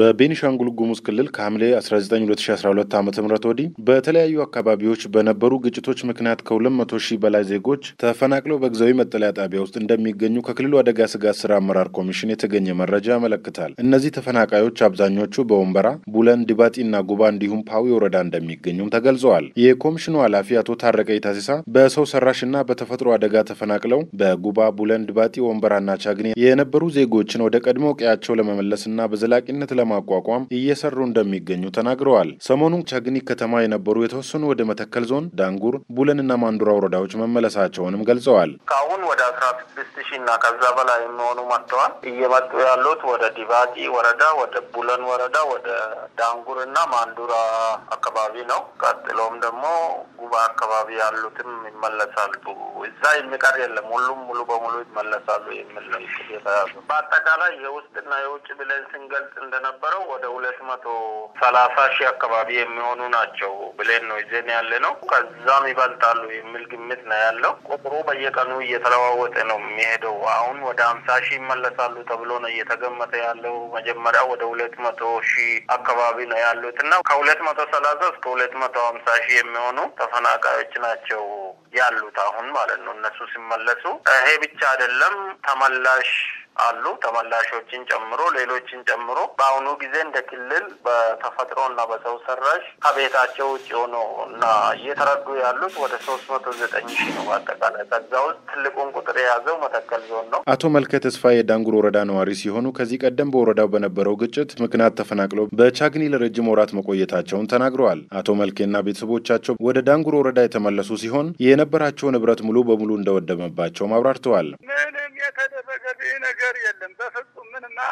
በቤኒሻንጉል ጉሙዝ ክልል ከሐምሌ 19 2012 ዓ ም ወዲህ በተለያዩ አካባቢዎች በነበሩ ግጭቶች ምክንያት ከ200 ሺህ በላይ ዜጎች ተፈናቅለው በጊዜያዊ መጠለያ ጣቢያ ውስጥ እንደሚገኙ ከክልሉ አደጋ ስጋት ስራ አመራር ኮሚሽን የተገኘ መረጃ ያመለክታል። እነዚህ ተፈናቃዮች አብዛኞቹ በወንበራ፣ ቡለን፣ ዲባጢ እና ጉባ እንዲሁም ፓዊ ወረዳ እንደሚገኙም ተገልጸዋል። የኮሚሽኑ ኃላፊ አቶ ታረቀይ ታሲሳ በሰው ሰራሽ እና በተፈጥሮ አደጋ ተፈናቅለው በጉባ፣ ቡለን፣ ዲባጢ፣ ወንበራና ቻግኔ የነበሩ ዜጎችን ወደ ቀድሞ ቀያቸው ለመመለስ እና በዘላቂነት ለማቋቋም እየሰሩ እንደሚገኙ ተናግረዋል። ሰሞኑን ቻግኒ ከተማ የነበሩ የተወሰኑ ወደ መተከል ዞን ዳንጉር፣ ቡለንና ማንዱራ ወረዳዎች መመለሳቸውንም ገልጸዋል። ከአሁን ወደ አስራ ስድስት ሺ እና ከዛ በላይ የሚሆኑ መጥተዋል። እየመጡ ያሉት ወደ ዲባቂ ወረዳ፣ ወደ ቡለን ወረዳ፣ ወደ ዳንጉር እና ማንዱራ አካባቢ ነው። ቀጥሎም ደግሞ ጉባ አካባቢ ያሉትም ይመለሳሉ። እዛ የሚቀር የለም። ሁሉም ሙሉ በሙሉ ይመለሳሉ የሚል ነው። በአጠቃላይ የውስጥና የውጭ ብለን ስንገልጽ እንደነ የነበረው ወደ ሁለት መቶ ሰላሳ ሺህ አካባቢ የሚሆኑ ናቸው ብለን ነው ይዘን ያለ ነው። ከዛም ይበልጣሉ የሚል ግምት ነው ያለው። ቁጥሩ በየቀኑ እየተለዋወጠ ነው የሚሄደው። አሁን ወደ ሀምሳ ሺህ ይመለሳሉ ተብሎ ነው እየተገመተ ያለው። መጀመሪያ ወደ ሁለት መቶ ሺህ አካባቢ ነው ያሉት እና ከሁለት መቶ ሰላሳ እስከ ሁለት መቶ ሀምሳ ሺህ የሚሆኑ ተፈናቃዮች ናቸው ያሉት አሁን ማለት ነው እነሱ ሲመለሱ። ይሄ ብቻ አይደለም ተመላሽ አሉ ተመላሾችን ጨምሮ ሌሎችን ጨምሮ በአሁኑ ጊዜ እንደ ክልል በተፈጥሮ እና በሰው ሰራሽ ከቤታቸው ውጭ ሆኖ እና እየተረዱ ያሉት ወደ ሶስት መቶ ዘጠኝ ሺ ነው። አጠቃላይ ከዛ ውስጥ ትልቁን ቁጥር የያዘው መተከል ዞን ነው። አቶ መልከ ተስፋ የዳንጉር ወረዳ ነዋሪ ሲሆኑ ከዚህ ቀደም በወረዳው በነበረው ግጭት ምክንያት ተፈናቅለው በቻግኒ ለረጅም ወራት መቆየታቸውን ተናግረዋል። አቶ መልኬና ቤተሰቦቻቸው ወደ ዳንጉር ወረዳ የተመለሱ ሲሆን የነበራቸው ንብረት ሙሉ በሙሉ እንደወደመባቸውም አብራርተዋል።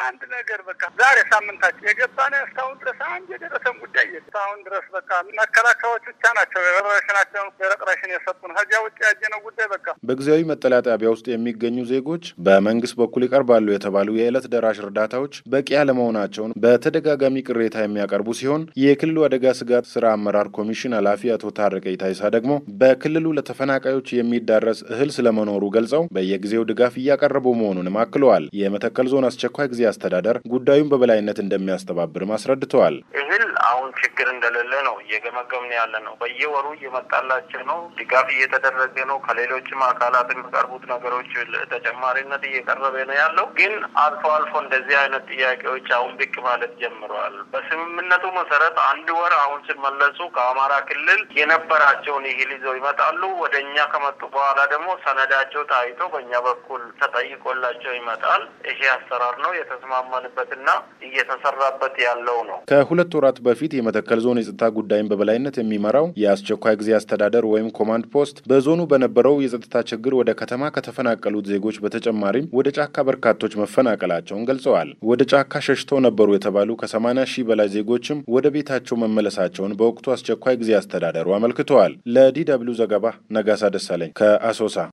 አንድ ነገር በቃ ዛሬ ሳምንታችን የገባነ እስካሁን ድረስ አንድ የደረሰን ጉዳይ የለም። እስካሁን ድረስ በቃ መከላከያዎች ብቻ ናቸው የረሽናቸውን የረቅረሽን የሰጡን ከዚያ ውጭ ነው ጉዳይ በቃ። በጊዜያዊ መጠለያ ጣቢያ ውስጥ የሚገኙ ዜጎች በመንግስት በኩል ይቀርባሉ የተባሉ የዕለት ደራሽ እርዳታዎች በቂ አለመሆናቸውን በተደጋጋሚ ቅሬታ የሚያቀርቡ ሲሆን የክልሉ አደጋ ስጋት ስራ አመራር ኮሚሽን ኃላፊ አቶ ታረቀ ይታይሳ ደግሞ በክልሉ ለተፈናቃዮች የሚዳረስ እህል ስለመኖሩ ገልጸው በየጊዜው ድጋፍ እያቀረቡ መሆኑንም አክለዋል። የመተከል ዞን አስቸኳይ ጊዜ አስተዳደር ጉዳዩን በበላይነት እንደሚያስተባብርም አስረድተዋል። እህል አሁን ችግር እንደሌለ ነው እየገመገምን ያለ ነው። በየወሩ እየመጣላቸው ነው፣ ድጋፍ እየተደረገ ነው። ከሌሎችም አካላት የሚቀርቡት ነገሮች ተጨማሪነት እየቀረበ ነው ያለው። ግን አልፎ አልፎ እንደዚህ አይነት ጥያቄዎች አሁን ብቅ ማለት ጀምረዋል። በስምምነቱ መሰረት አንድ ወር አሁን ሲመለሱ ከአማራ ክልል የነበራቸውን ይህል ይዘው ይመጣሉ። ወደ እኛ ከመጡ በኋላ ደግሞ ሰነዳቸው ታይቶ በእኛ በኩል ተጠይቆላቸው ይመጣል። ይሄ አሰራር ነው የተስማማንበትና እየተሰራበት ያለው ነው። ከሁለት ወራት በፊት የመተከል ዞን የጸጥታ ጉዳይን በበላይነት የሚመራው የአስቸኳይ ጊዜ አስተዳደር ወይም ኮማንድ ፖስት በዞኑ በነ የነበረው የጸጥታ ችግር ወደ ከተማ ከተፈናቀሉት ዜጎች በተጨማሪም ወደ ጫካ በርካቶች መፈናቀላቸውን ገልጸዋል። ወደ ጫካ ሸሽተው ነበሩ የተባሉ ከ80 ሺህ በላይ ዜጎችም ወደ ቤታቸው መመለሳቸውን በወቅቱ አስቸኳይ ጊዜ አስተዳደሩ አመልክተዋል። ለዲ ደብልዩ ዘገባ ነጋሳ ደሳለኝ ከአሶሳ